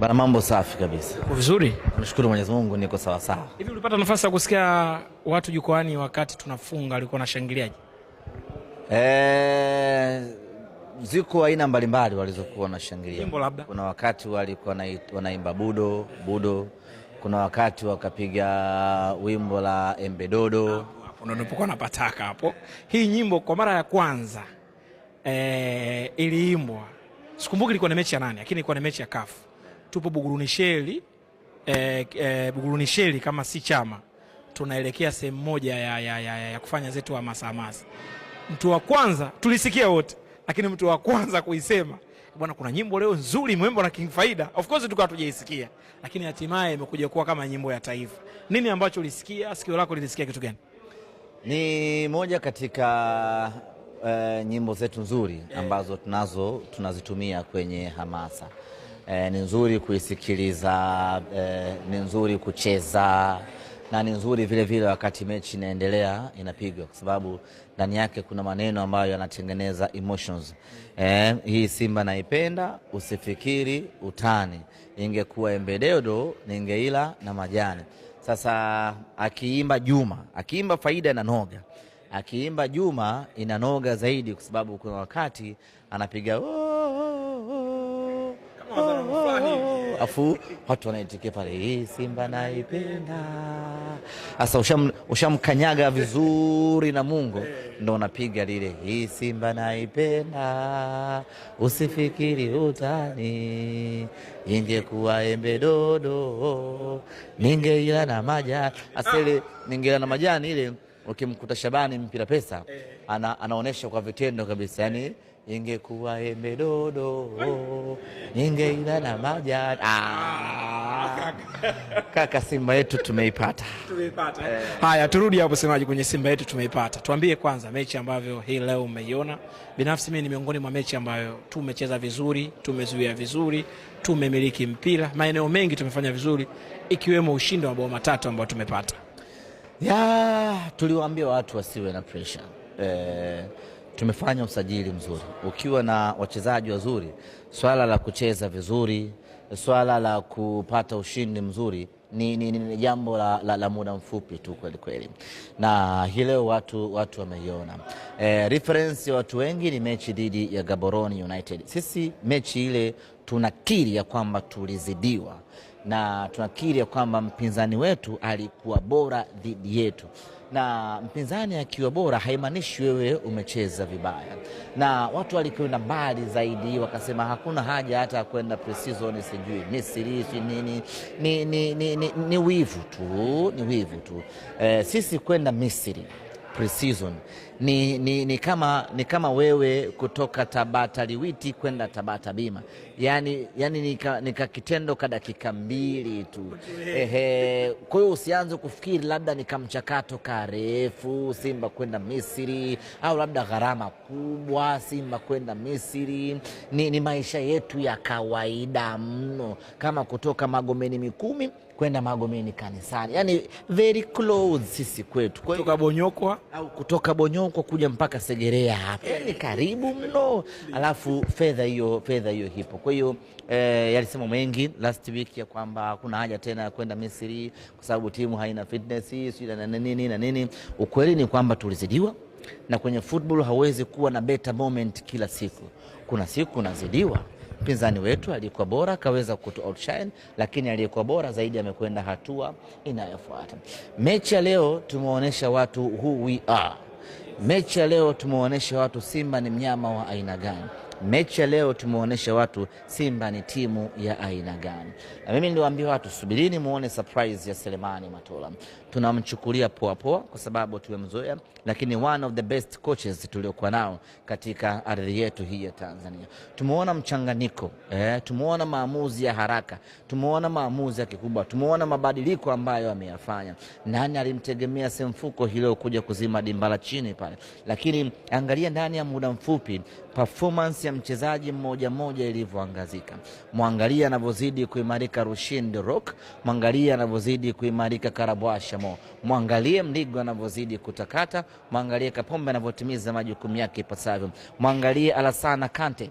Bana, mambo safi kabisa. Uko vizuri? Nashukuru Mwenyezi Mungu niko sawa sawa. Hivi ulipata nafasi ya kusikia watu jukwani wakati tunafunga walikuwa wanashangiliaje? Eh, ziko aina mbalimbali walizokuwa wanashangilia. Kuna wakati walikuwa wanaimba budo budo, kuna wakati wakapiga wimbo la embedodo. Ah, hapo ndipo napataka hapo. Hii nyimbo kwa mara ya kwanza eh, iliimbwa sikumbuki ilikuwa ni mechi ya nani, lakini ilikuwa ni mechi ya kafu tupo Buguruni Sheli eh, eh, Buguruni Sheli kama si chama tunaelekea sehemu moja ya, ya, ya, ya kufanya zetu hamasa hamasa. Mtu wa kwanza tulisikia wote, lakini mtu wa kwanza kuisema bwana, kuna nyimbo leo nzuri Mwembo na King Faida. Of course tukawa tujaisikia, lakini hatimaye imekuja kuwa kama nyimbo ya taifa. Nini ambacho ulisikia? Sikio lako lilisikia kitu gani? Ni moja katika uh, nyimbo zetu nzuri eh. ambazo tunazo tunazitumia kwenye hamasa eh, ni nzuri kuisikiliza eh, ni nzuri kucheza na ni nzuri vile vile wakati mechi inaendelea inapigwa, kwa sababu ndani yake kuna maneno ambayo yanatengeneza emotions. Eh, hii Simba naipenda, usifikiri utani, ingekuwa embededo ningeila na majani. Sasa akiimba Juma, akiimba faida na noga akiimba Juma inanoga zaidi, kwa sababu kuna wakati anapiga oh, oh, oh afu watu wanaitikia pale, hii Simba naipenda. Sasa ushamkanyaga usha vizuri na Mungu, ndo unapiga lile, hii Simba naipenda, usifikiri utani, ingekuwa embe dodo, ningeila na majani asili, ningeila na majani ile. Ukimkuta Shabani mpira pesa ana, anaonyesha kwa vitendo kabisa yani ingekuwa emedodo dodo ingeila na majani. Ah, ah, kaka, Simba yetu tumeipata, tumeipata. Eh. Haya, turudi hapo semaji, kwenye Simba yetu tumeipata. Tuambie kwanza mechi ambavyo hii leo umeiona. Binafsi mimi ni miongoni mwa mechi ambayo tumecheza vizuri, tumezuia vizuri, tumemiliki mpira maeneo mengi, tumefanya vizuri, ikiwemo ushindi wa mabao matatu ambao tumepata. Ya, tuliwaambia watu wasiwe na pressure eh tumefanya usajili mzuri. Ukiwa na wachezaji wazuri, swala la kucheza vizuri, swala la kupata ushindi mzuri ni, ni, ni jambo la, la, la muda mfupi tu kweli kweli, na hii leo watu, watu wameiona. E, reference ya watu wengi ni mechi dhidi ya Gaborone United. Sisi mechi ile tunakiri ya kwamba tulizidiwa na tunakiri ya kwamba mpinzani wetu alikuwa bora dhidi yetu na mpinzani akiwa bora haimaanishi wewe umecheza vibaya, na watu walikwenda mbali zaidi, wakasema hakuna haja hata ya kwenda pre-season, sijui Misri si nini. Ni, ni, ni, ni, ni wivu tu, ni wivu tu eh, sisi kwenda Misri pre ni, ni, ni, kama, ni kama wewe kutoka Tabata Liwiti kwenda Tabata Bima, yani, yani ni kakitendo ka dakika mbili tu. Ehe, kwa hiyo usianze kufikiri labda ni kamchakato karefu Simba kwenda Misri au labda gharama kubwa Simba kwenda Misri. Ni, ni maisha yetu ya kawaida mno, kama kutoka Magomeni Mikumi kwenda Magomeni Kanisani, yani very close sisi kwetu, kutoka Bonyokwa au kutoka Bonyokwa kuja mpaka Segerea hapa eh, ni karibu mno, alafu fedha hiyo fedha hiyo hipo. Kwa hiyo eh, yalisema mengi last week ya kwamba kuna haja tena ya kwenda Misri kwa sababu timu haina fitness hii sio na nini na nini. Ukweli ni kwamba tulizidiwa, na kwenye football hawezi kuwa na better moment kila siku. Kuna siku unazidiwa mpinzani wetu aliyekuwa bora akaweza kutu outshine, lakini aliyekuwa bora zaidi amekwenda hatua inayofuata. Mechi ya leo tumeonyesha watu who we are. Mechi ya leo tumeonyesha watu Simba ni mnyama wa aina gani mechi ya leo tumeonyesha watu Simba ni timu ya aina gani, na mimi niliwaambia watu subirini muone surprise ya Selemani Matola. Tunamchukulia poa poa kwa sababu tumemzoea, lakini one of the best coaches tuliokuwa nao katika ardhi yetu hii ya Tanzania. Tumeona mchanganyiko eh, tumeona maamuzi ya haraka, tumeona maamuzi ya kikubwa, tumeona mabadiliko ambayo ameyafanya. Nani alimtegemea Semfuko hilo kuja kuzima dimbala chini pale? Lakini angalia ndani ya muda mfupi performance ya mchezaji mmoja mmoja ilivyoangazika. Mwangalia anavyozidi kuimarika Rushin de Rock, mwangalia anavyozidi kuimarika Karabwa Shamo, mwangalie Mligo anavyozidi kutakata, mwangalie Kapombe anavyotimiza majukumu yake ipasavyo, mwangalie Alasana Kante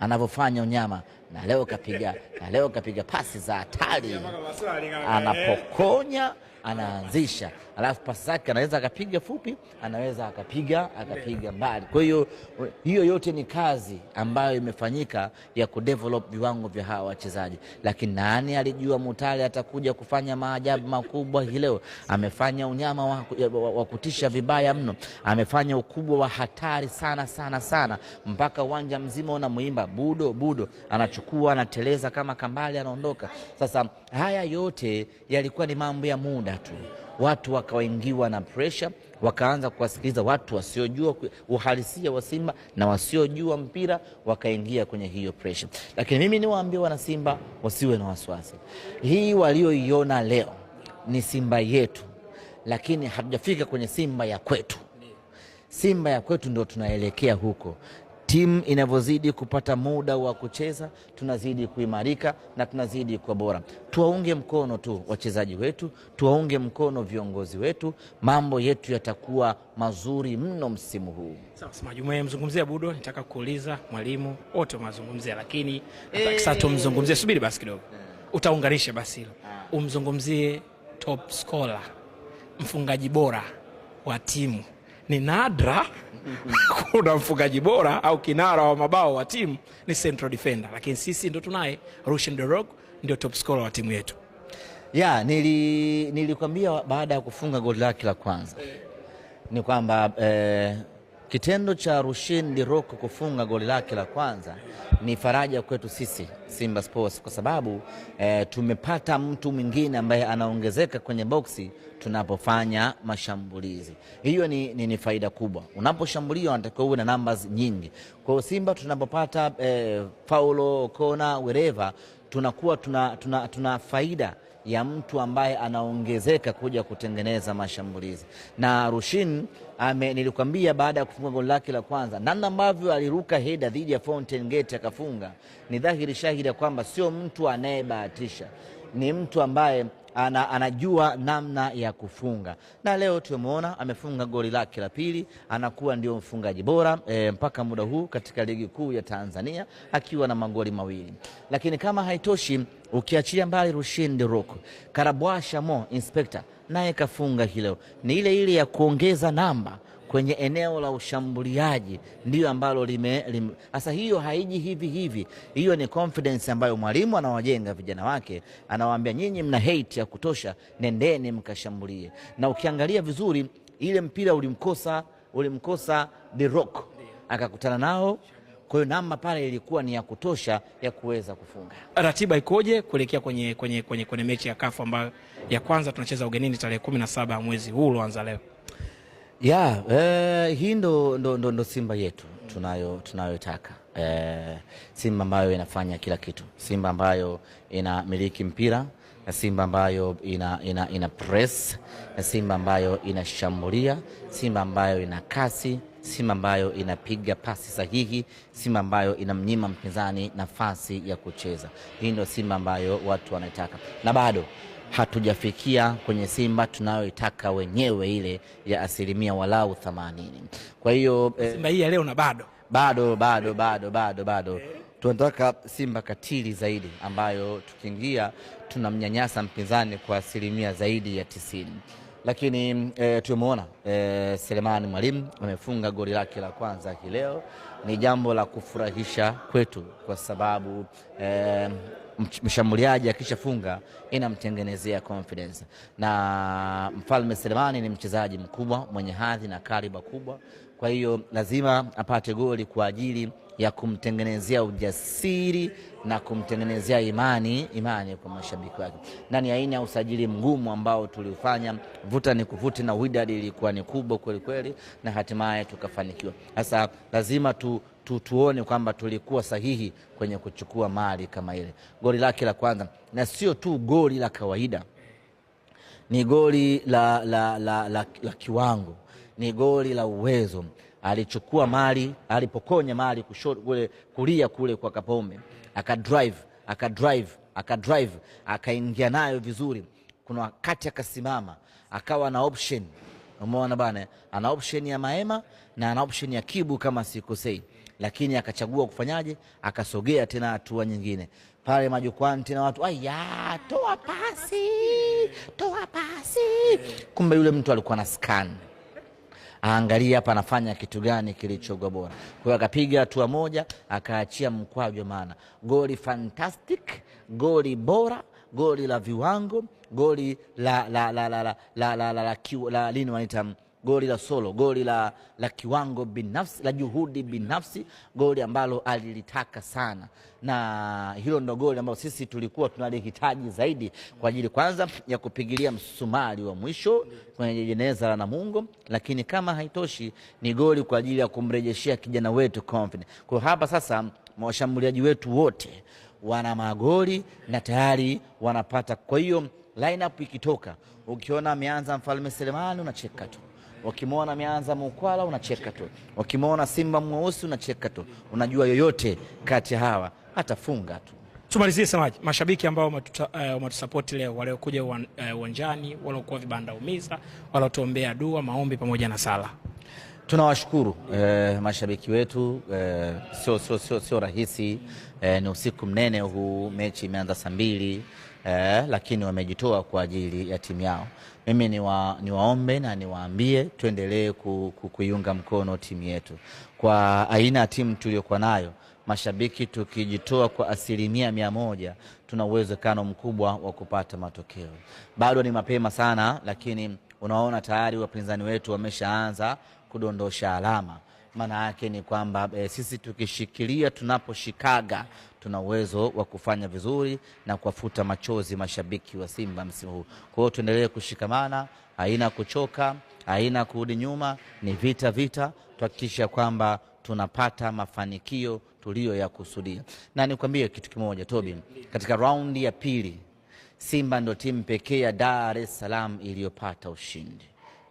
anavyofanya unyama na leo kapiga na leo kapiga pasi za hatari, anapokonya, anaanzisha alafu pasi zake anaweza akapiga fupi, anaweza akapiga akapiga mbali. Kwa hiyo hiyo yote ni kazi ambayo imefanyika ya kudevelop viwango vya hawa wachezaji, lakini nani alijua Mutale atakuja kufanya maajabu makubwa hii leo? Amefanya unyama wa, wa, wa kutisha vibaya mno, amefanya ukubwa wa hatari sana sana sana, mpaka uwanja mzima unamwimba budo budo, anachukua anateleza kama kambali anaondoka. Sasa haya yote yalikuwa ni mambo ya muda tu watu wakaingiwa na presha, wakaanza kuwasikiliza watu wasiojua uhalisia wa Simba na wasiojua mpira, wakaingia kwenye hiyo presha. Lakini mimi niwaambie wanasimba wasiwe na wasiwasi, hii walioiona leo ni Simba yetu, lakini hatujafika kwenye Simba ya kwetu. Simba ya kwetu ndio tunaelekea huko timu inavyozidi kupata muda wa kucheza tunazidi kuimarika na tunazidi kuwa bora. Tuwaunge mkono tu wachezaji wetu, tuwaunge mkono viongozi wetu, mambo yetu yatakuwa mazuri mno msimu huu. Sasa umemzungumzia Budo, nitaka kuuliza mwalimu, wote umezungumzia, lakini sasa eh. tumzungumzie. Subiri basi kidogo, eh. utaunganisha basi hilo, ah. umzungumzie top scorer, mfungaji bora wa timu ni nadra kuna mfungaji bora au kinara wa mabao wa timu ni central defender, lakini sisi ndo tunaye Rushin Dorog ndio top scorer wa timu yetu. Ya, nili nilikwambia baada ya kufunga goli lake la kwanza ni kwamba eh, Kitendo cha Rushin Diroko kufunga goli lake la kwanza ni faraja kwetu sisi Simba Sports kwa sababu e, tumepata mtu mwingine ambaye anaongezeka kwenye boksi tunapofanya mashambulizi. Hiyo ni, ni, ni faida kubwa. Unaposhambulia unatakiwa uwe na numbers nyingi. Kwa hiyo Simba tunapopata e, faulo, kona, wereva tunakuwa tuna, tuna, tuna faida ya mtu ambaye anaongezeka kuja kutengeneza mashambulizi. Na Rushin ame, nilikwambia baada ya kufunga goli lake la kwanza, namna ambavyo aliruka heda dhidi ya Fountain Gate akafunga, ni dhahiri shahidi ya kwamba sio mtu anayebahatisha, ni mtu ambaye ana, anajua namna ya kufunga, na leo tumeona amefunga goli lake la pili, anakuwa ndio mfungaji bora e, mpaka muda huu katika ligi kuu ya Tanzania akiwa na magoli mawili. Lakini kama haitoshi, ukiachilia mbali Rushin De Rok, Karabwasha Mo Inspector naye kafunga hilo ni ile ile ya kuongeza namba kwenye eneo la ushambuliaji ndiyo ambalo lime sasa. Hiyo haiji hivi hivi, hiyo ni confidence ambayo mwalimu anawajenga vijana wake, anawaambia nyinyi mna hate ya kutosha, nendeni mkashambulie. Na ukiangalia vizuri ile mpira ulimkosa, ulimkosa The Rock akakutana nao kwa hiyo namba pale ilikuwa ni ya kutosha ya kuweza kufunga. Ratiba ikoje kuelekea kwenye, kwenye, kwenye, kwenye mechi ya kafu ambayo ya kwanza tunacheza ugenini tarehe kumi na saba mwezi huu ulioanza leo? Yeah, eh, hii ndo, ndo, ndo, ndo Simba yetu tunayo tunayotaka eh, Simba ambayo inafanya kila kitu, Simba ambayo inamiliki mpira na Simba ambayo ina, ina, ina press na Simba ambayo inashambulia, Simba ambayo ina kasi, Simba ambayo inapiga pasi sahihi, Simba ambayo inamnyima mpinzani nafasi ya kucheza. Hii ndo Simba ambayo watu wanaitaka na bado hatujafikia kwenye Simba tunayoitaka wenyewe ile ya asilimia walau 80. Kwa hiyo eh, Simba hii ya leo na bado bado bado bado bado bado tunataka Simba katili zaidi ambayo tukiingia tunamnyanyasa mpinzani kwa asilimia zaidi ya tisini. Lakini eh, tumeona eh, Selemani Mwalimu amefunga goli lake la kwanza hii leo, ni jambo la kufurahisha kwetu kwa sababu eh, mshambuliaji akishafunga inamtengenezea confidence, na Mfalme Selemani ni mchezaji mkubwa mwenye hadhi na kariba kubwa, kwa hiyo lazima apate goli kwa ajili ya kumtengenezea ujasiri na kumtengenezea imani imani kwa mashabiki wake, na ni aina ya usajili mgumu ambao tuliufanya vuta ni kuvuti, na widadi ilikuwa ni kubwa kweli kweli, na hatimaye tukafanikiwa. Sasa lazima tu, tu, tuone kwamba tulikuwa sahihi kwenye kuchukua mali kama ile. Goli lake la kwanza, na sio tu goli la kawaida, ni goli la, la, la, la, la, la kiwango, ni goli la uwezo alichukua mali, alipokonya mali kushoto kule, kulia kule kwa Kapombe, akadrive akadrive akadrive, akaingia nayo vizuri. Kuna wakati akasimama, akawa na option Umeona bana, ana option ya Maema na ana option ya Kibu kama sikosei, lakini akachagua kufanyaje? Akasogea tena hatua nyingine pale majukwani tena, watu aya, toa pasi, toa pasi. Kumbe yule mtu alikuwa na skani aangalie hapa anafanya kitu gani kilichokuwa bora. Kwa hiyo akapiga hatua moja, akaachia mkwaju, maana goli fantastic, goli bora, goli la viwango, goli la la la la la la la la la la la la la la la la goli la solo, goli la, la kiwango binafsi, la juhudi binafsi, goli ambalo alilitaka sana, na hilo ndo goli ambalo sisi tulikuwa tunalihitaji zaidi kwa ajili kwanza ya kupigilia msumari wa mwisho kwenye jeneza la Namungo, lakini kama haitoshi ni goli kwa ajili ya kumrejeshea kijana wetu confidence. Kwa hapa sasa washambuliaji wetu wote wana magoli na tayari wanapata. Kwa hiyo lineup ikitoka, ukiona ameanza Mfalme Selemani unacheka tu. Wakimwona ameanza maukwala unacheka tu, wakimwona simba mweusi unacheka tu. Unajua yoyote kati ya hawa atafunga tu. Tumalizie Semaji, mashabiki ambao eh, wametusapoti uh, leo waliokuja eh, uwanjani, uh, waliokuwa vibanda umiza, waliotuombea dua, maombi pamoja na sala tunawashukuru eh, mashabiki wetu eh, sio, sio, sio, sio rahisi eh, ni usiku mnene huu, mechi imeanza saa mbili eh, lakini wamejitoa kwa ajili ya timu yao. Mimi niwaombe wa, ni na niwaambie tuendelee ku, ku, kuiunga mkono timu yetu kwa aina ya timu tuliyokuwa nayo. Mashabiki tukijitoa kwa asilimia mia moja, tuna uwezekano mkubwa wa kupata matokeo. Bado ni mapema sana, lakini unaona tayari wapinzani wetu wameshaanza kudondosha alama. Maana yake ni kwamba e, sisi tukishikilia, tunaposhikaga tuna uwezo wa kufanya vizuri na kuwafuta machozi mashabiki wa Simba msimu huu. Kwa hiyo tuendelee kushikamana, haina kuchoka, haina kurudi nyuma, ni vita vita, tuhakikisha kwamba tunapata mafanikio tuliyoyakusudia. Na nikwambie kitu kimoja Tobi, katika raundi ya pili Simba ndio timu pekee ya Dar es Salaam iliyopata ushindi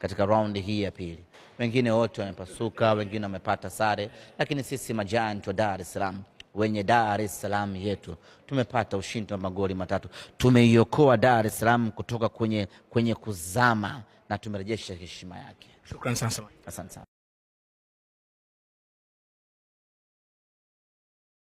katika raundi hii ya pili. Wengine wote wamepasuka, wengine wamepata sare, lakini sisi majanti wa Dar es Salaam wenye Dar es Salaam yetu tumepata ushindi wa magoli matatu. Tumeiokoa Dar es Salaam kutoka kwenye, kwenye kuzama na tumerejesha heshima yake. Shukrani sana. Asante sana.